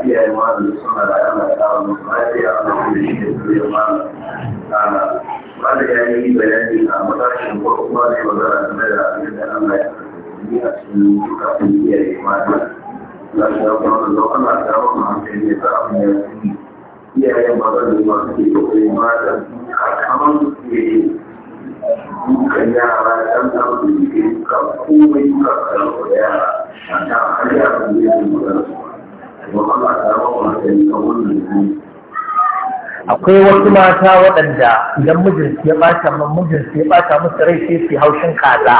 iyayen malam suna da a lokacin yi ba da ya a matashin ko a zama da a yi kuma da ana kawo ta kamar su ke yi yara ɗan ka komai ka karɓa yara a ta magana Akwai wasu mata waɗanda idan mijinsu ya ɓata mijinsu ya ɓata musu rai sai su haushin kaza.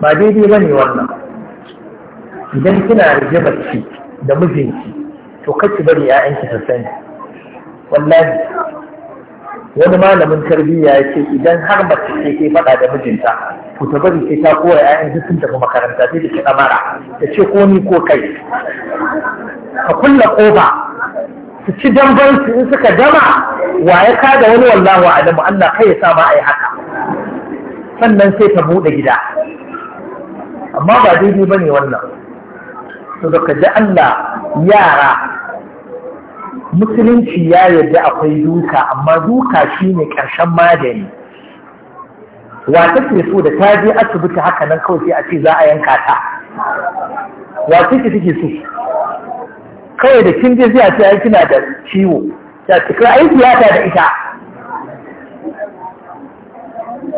Ba daidai ba ne wannan. Idan kina rigibar bacci da mijinki to kaki bari 'ya'yanki su sani. Wallahi wani malamin tarbiyya ya ce idan har mace ce ke faɗa da mijinta ku ta bari sai ta koya ƴaƴan duk sun tafi makaranta sai da kiɗa mara ta ce ko ni ko kai ka kulla ƙofa su ci damban su in suka dama wa ya ka da wani wallahu alamu Allah kai ya sa ma ai haka sannan sai ta buɗe gida amma ba daidai ne wannan to da Allah yara musulunci ya yarda akwai duka amma duka shine ƙarshen magani wata ce so da ta je asibiti haka nan kawai sai a ce za a yanka ta wata ce take so kawai da kin je sai a ce ai kina da ciwo ta tuka ai tiyata da ita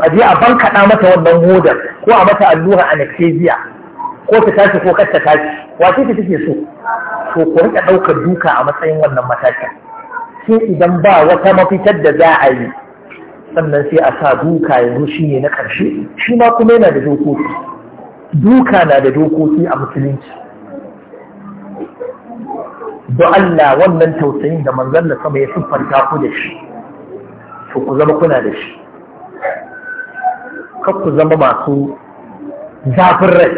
a je a banka bankaɗa mata wannan hodar ko a mata allura anesthesia ko ta tashi ko kar ta tashi wata ce take so to ku rika ɗaukar duka a matsayin wannan mataki sai idan ba wata mafitar da za a yi sannan sai a sa duka yanzu shi ne na ƙarshe shi ma kuma yana da dokoki duka na da dokoki a musulunci don Allah wannan tausayin da manzon da sama ya siffanta ku da shi to ku zama kuna da shi kar ku zama masu zafin rai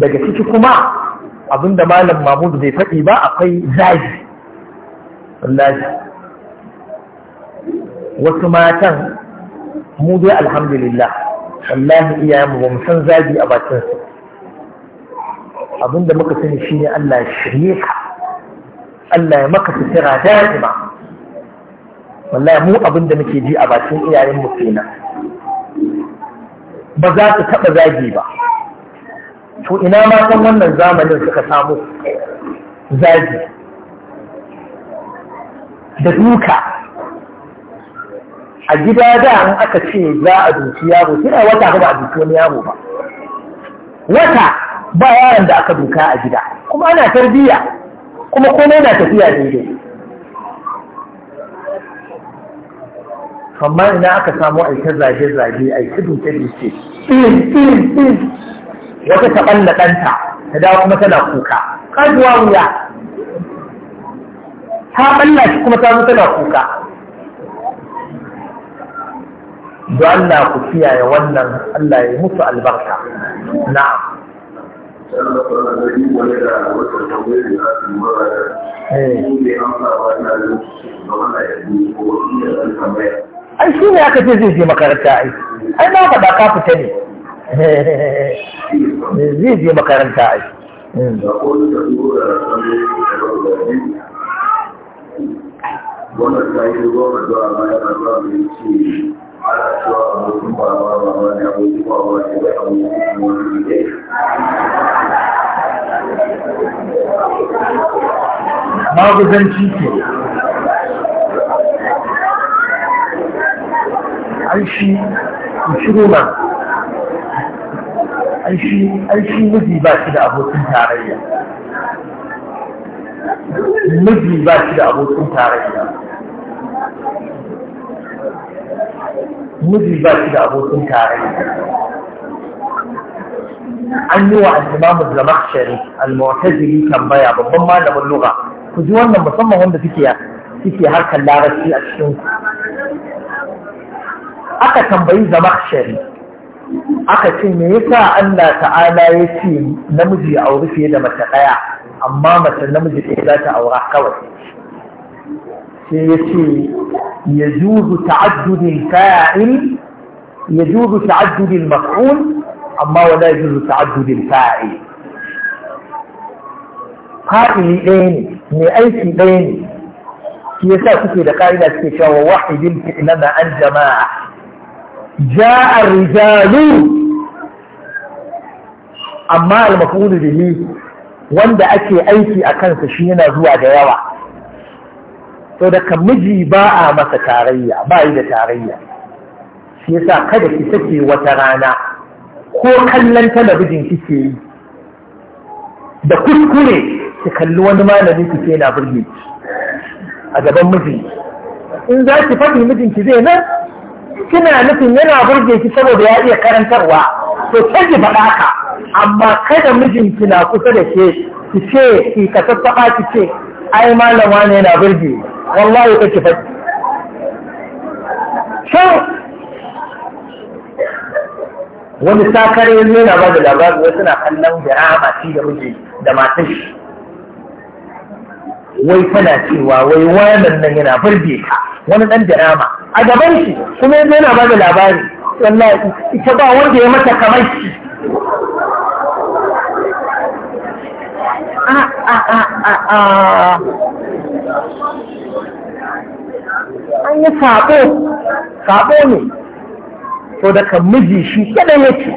daga ciki kuma abinda malam mahmudu bai faɗi ba akwai zagi wallahi wasu matan mu dai alhamdulillah wallahi iyayenmu ba mu san zagi a bakin su abinda muka sani shi ne Allah ya shirye ka Allah ya maka sutura da'ima wallahi mu abinda muke ji a bakin iyayenmu kenan ba za su taɓa zagi ba to ina san wannan zamanin suka samu zagi da duka a gida da an aka ce za a duki yaro sai a wata ba a duki wani yaro ba wata ba yaron da aka duka a gida kuma ana tarbiyya kuma komai na tafiya daidai amma ina aka samu aika zage-zage aika duke-duke wata taɓan da ɗanta ta dawo kuma tana kuka ƙarfuwa wuya ta ɓalla shi kuma ta zo tana kuka don Allah ku kiyaye wannan Allah ya mutu albarka na eh. ai shi ne aka ce zai je makaranta ai ai na faɗa ka fita ne zai je makaranta a hmm. wannan ta yi zuwa ana cewa abokin ba ne ke an shi shiru na shi ai shi miji ba shi da abokin tarayya miji ba shi da abokin tarayya miji ba shi da abokin tarayya an yi wa al-imamu zamakshari al-mu'tazili tambaya babban malamin lugha ku ji wannan musamman wanda suke suke harkar larabci a cikin aka tambayi zamakshari aka ce me yasa Allah ta'ala ya ce namiji ya auri fiye da mace ɗaya amma mace namiji ɗaya za ta aura kawai sai ya ce ya juzu ta'addudin fa'il ya juzu ta'addudin maf'ul amma wala ya juzu ta'addudin fa'il fa'ili ɗaya ne mai aiki ɗaya ne shi yasa kuke da ka'ida suke cewa wahidin fi'lana an jama'a ja'a rijalu amma al-maf'ul bihi wanda ake aiki a kansa shi yana zuwa da yawa to da miji ba a masa tarayya ba yi da tarayya shi yasa kada ki take wata rana ko kallon talabijin kike yi da kuskure ki kalli wani malami kike na burge a gaban miji in za ki faɗi mijinki zai nan kina nufin yana burge ki saboda ya iya karantarwa to canji faɗa ka amma kada mijinki na kusa da ke ki ce ki ka sassaɓa ki ce ai malama ne yana burge wallahi ka ki faɗi shan wani sakare yana ba da labarin wasu na kallon birama ci da miji da matan shi wai tana cewa wai wannan nan yana burge ka wani dan jarama a gaban shi kuma yanzu yana ba da labari wallahi ita ba wanda ya mata kamar shi an yi saɓo saɓo ne to daga miji shi kaɗai yake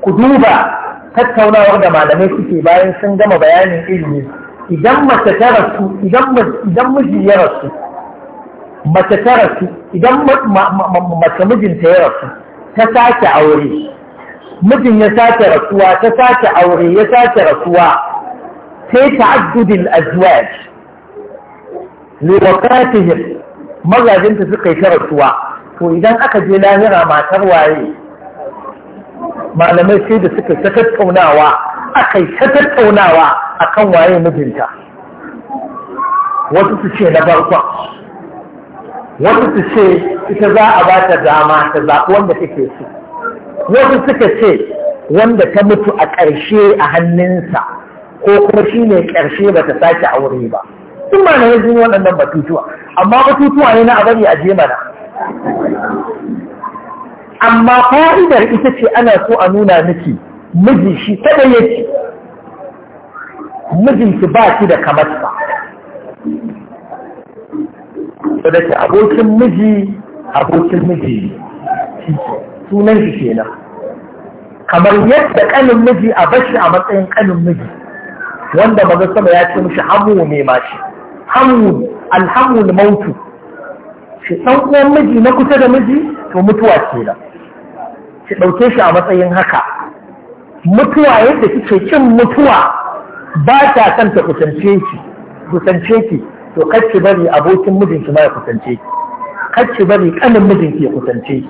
ku duba tattaunawar da malamai suke bayan sun gama bayanin ilimi idan mace ta rasu idan miji ya rasu mace ta rasu idan mace mijinta ya rasu ta sake aure mijin ya sake rasuwa ta sake aure ya sake rasuwa sai ta ta'addudin azwaj liwakatihim mazajinta suka yi ta rasuwa to idan aka je lahira matar waye malamai sai da suka ta tattaunawa aka yi ta tattaunawa akan waye mijinta wasu su ce na farkon wasu su ce ita za a ba ta dama ta zaɓi wanda take so wasu suka ce wanda ta mutu a ƙarshe a hannunsa ko kuma shi ne ƙarshe ba ta sake aure ba in ma na yanzu waɗannan batutuwa amma batutuwa ne na a a je amma fa'idar ita ce ana so a nuna miki miji shi kada yake mijinki ba shi da kamarsa da ke abokin miji abokin miji sunan shi nan. kamar yadda kanin miji a bashi a matsayin kanin miji wanda maza sama ya ce mishi hamu ne ma shi hamu alhamu mautu shi ɗan miji na kusa da miji to mutuwa nan. ki ɗauke shi a matsayin haka mutuwa yadda kike cin mutuwa ba ta san ta kusance ki kusance ki to kar bari abokin mijinki ma ya kusance ki kar bari kanin mijinki ya kusance ki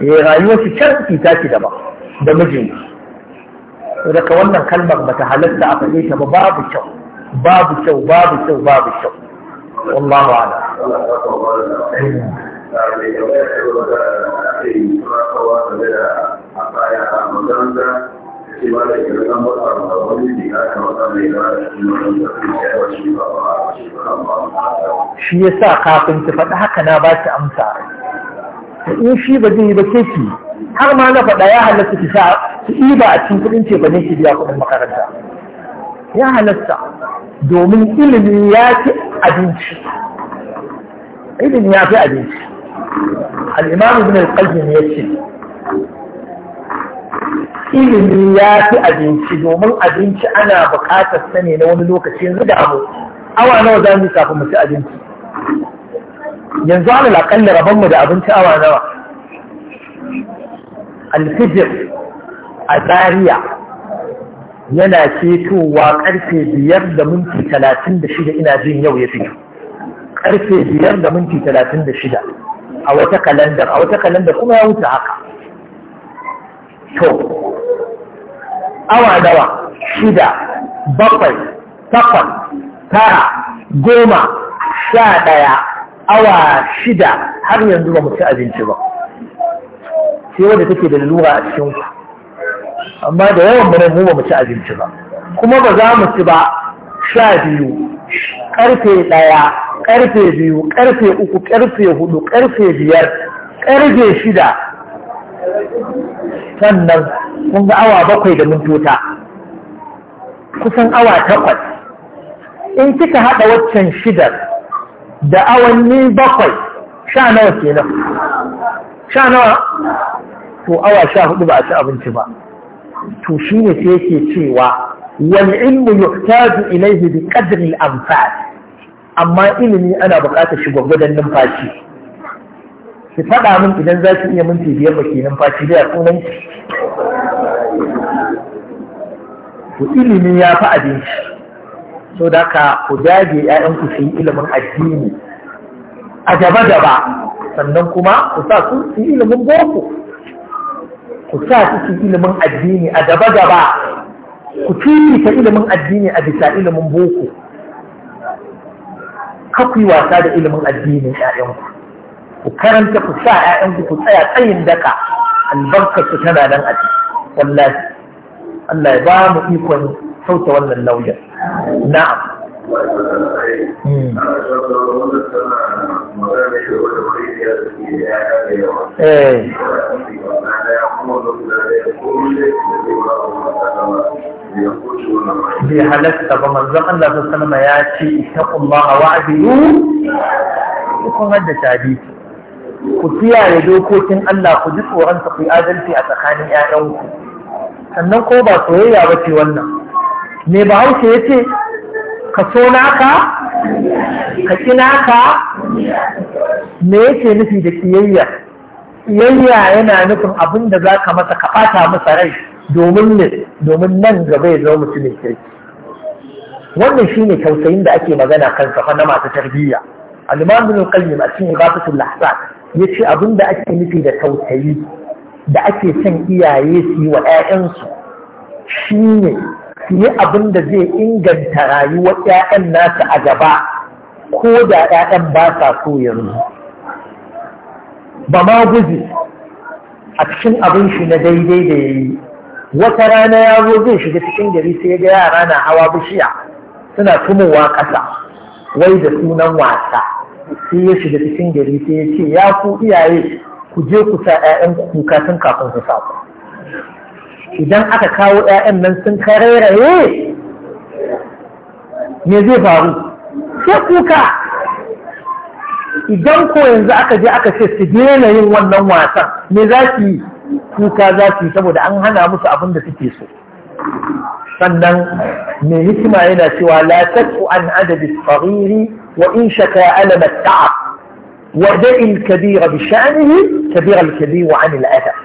eh rayuwar ki can ta ki daba da mijinki daga wannan kalmar bata halatta a faɗe ta ba babu kyau babu kyau babu kyau babu kyau wallahu a'lam hmm. da a baya a makaranta shi ba da ba da shi ba ba ba shi ya sa kafin ta faɗi haka na ba ta amsa in shi ba zai yi ba keki har ma na faɗa ya halatta ki sa ki ba a cin kuɗin ce ba ne ki biya kuɗin makaranta ya halatta domin ilimi ya fi abinci ilimi ya fi abinci al'imam zai al ya ce ilimi ya fi abinci domin abinci ana buƙatar sani na wani lokaci yanzu da awa nawa za mu kafin mu ci abinci yanzu ana laƙalla rabon mu da abinci awa nawa alfijir a tsariya yana ketowa ƙarfe biyar da minti talatin da shida ina jin yau ya fito karfe biyar da minti talatin da shida a wata kalandar a wata kalandar kuma ya wuce haka to awa nawa shida bakwai takwas tara goma sha ɗaya awa shida har yanzu ba mu ci abinci ba sai wanda take da lura a cikin ku amma da yawan mu mu ba mu ci abinci ba kuma ba za mu ci ba sha biyu karfe ɗaya karfe biyu karfe uku karfe hudu karfe biyar karfe shida sannan kun ga awa bakwai da mintota kusan awa takwas in kika haɗa waccan shidar da awanni bakwai sha nawa ke nan sha nawa to awa sha hudu ba a ci abinci ba to shi ne sai yake cewa wani ilmu yuhtaju ilayhi bi qadri amfani amma ilimi ana buƙatar shi gwagwadon numfashi ki faɗa min idan za ki iya minti biyar ba ke numfashi da sunan ki to ilimi ya fi abinci so da ka ku dage ‘ya'yanku su yi ilimin addini a gaba gaba sannan kuma ku sa su su yi ilimin boko ku sa su su yi ilimin addini a gaba gaba ku ta ilimin addini a bisa ilimin boko ka wasa da ilimin addinin ƴaƴanku ku karanta ku sa ƴaƴanku ku tsaya tsayin daka albarkar su tana nan a ciki wallahi Allah ya ba mu ikon sauta wannan lauyan na'am eh bai halatta ba manzon Allah sallallahu alaihi ya ce ittaqullaha wa'dilu kun haddace hadisi ku kiyaye dokokin Allah ku ji tsoron ku yi adalci a tsakanin ƴaƴanku sannan ko ba soyayya ba ce wannan me ba haushe ya ce ka so naka ka ki naka me yake nufi da kiyayya kiyayya yana nufin abin da za ka masa ka ɓata masa rai domin nan gaba ya zama mutumin kirki wannan shine tausayin da ake magana kansa fa na masu tarbiyya al-imam ibn qayyim a cikin ibadatul ce abin da ake nufi da tausayi da ake son iyaye su yi wa 'ya'yansu shine su yi abin da zai inganta rayuwar 'ya'yan nasu a gaba ko da 'ya'yan ba sa so yanzu ba ma guji a cikin abin shi na daidai da ya yi wata rana ya zo zai shiga cikin gari sai ga yara na hawa bishiya suna tumowa ƙasa wai da sunan wasa sai ya shiga cikin gari sai ya ce ya ku iyaye ku je ku sa 'ya'yan kuka sun kafin su sa ku idan aka kawo 'ya'yan nan sun karairaye me zai faru sai kuka idan ko yanzu aka je aka ce su daina yin wannan wasan me za su yi kuka za su saboda an hana musu abin da suke so sannan me hikima yana cewa la tasu an adadi sagiri wa in shaka alama ta'a wa da'il kabira bi sha'nihi kabira al-kabir wa an al adab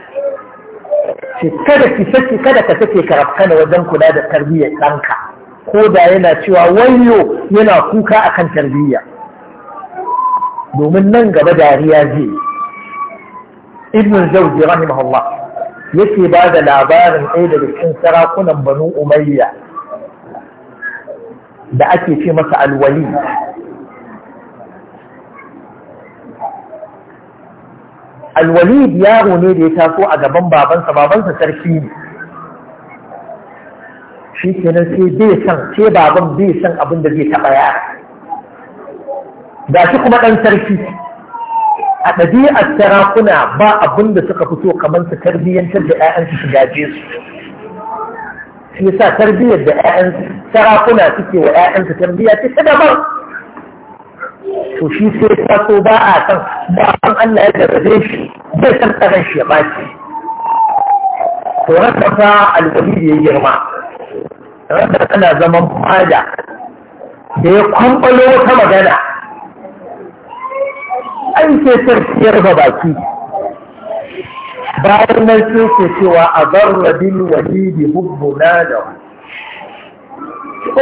shi kada ki saki kada ka take karafkana wajen kula da tarbiyyar danka ko da yana cewa wayo yana kuka akan tarbiyya domin nan gaba dariya zai ibn al-jawzi rahimahullah yake ba da labarin ɗaya daga cikin sarakunan banu umayya da ake ce masa alwali alwali yaro ne da ya taso a gaban babansa babansa sarki ne shi kenan sai bai san sai baban bai san abin da zai taɓa yara ga shi kuma ɗan sarki a ɗabi'ar sarakuna ba abin da suka fito kamar su tarbiyyantar da 'ya'yansu su gaje su shi yasa tarbiyyar da 'ya'yan sarakuna suke wa 'ya'yansu tarbiyya ce ta daban to shi sai ta so ba a san ba san Allah ya garbe shi bai san tsaron shi ya ɓaci to rasa fa alwali ya girma rasa tana zaman fada da ya kwamfalo wata magana an cetar ya ba baki bayan nan sai ke cewa a barra bin walidi na da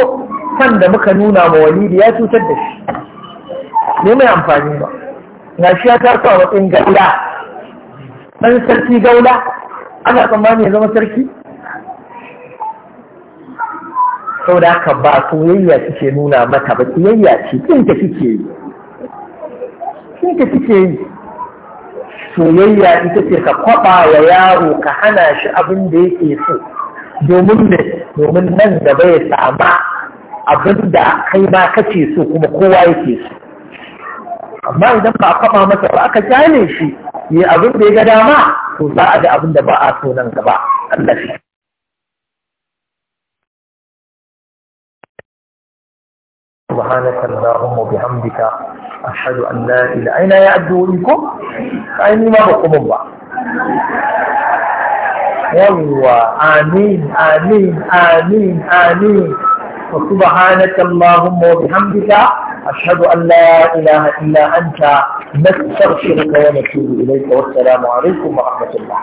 kan da muka nuna ma walidi ya cutar da shi ne mai amfani ba na shi ya taso a matsayin gaula ɗan sarki gaula ana tsammani ya zama sarki sau da haka ba soyayya suke nuna mata ba soyayya ce da kike yi ka kike yi soyayya ita ce ka kwaba wa yaro ka hana shi abin da yake so domin ne domin nan da bai sama abin da kai ma kace so kuma kowa yake so amma idan ba a kwaba masa ba aka jane shi yi abin da ya ga dama to za a ga abin da ba a so nan gaba Allah shi سبحانك اللهم وبحمدك أشهد أن لا إله أين يعدوا لكم أين ما بقوم الله والله آمين آمين آمين آمين وسبحانك اللهم وبحمدك أشهد أن لا إله إلا أنت نستغفرك ونتوب إليك والسلام عليكم ورحمة الله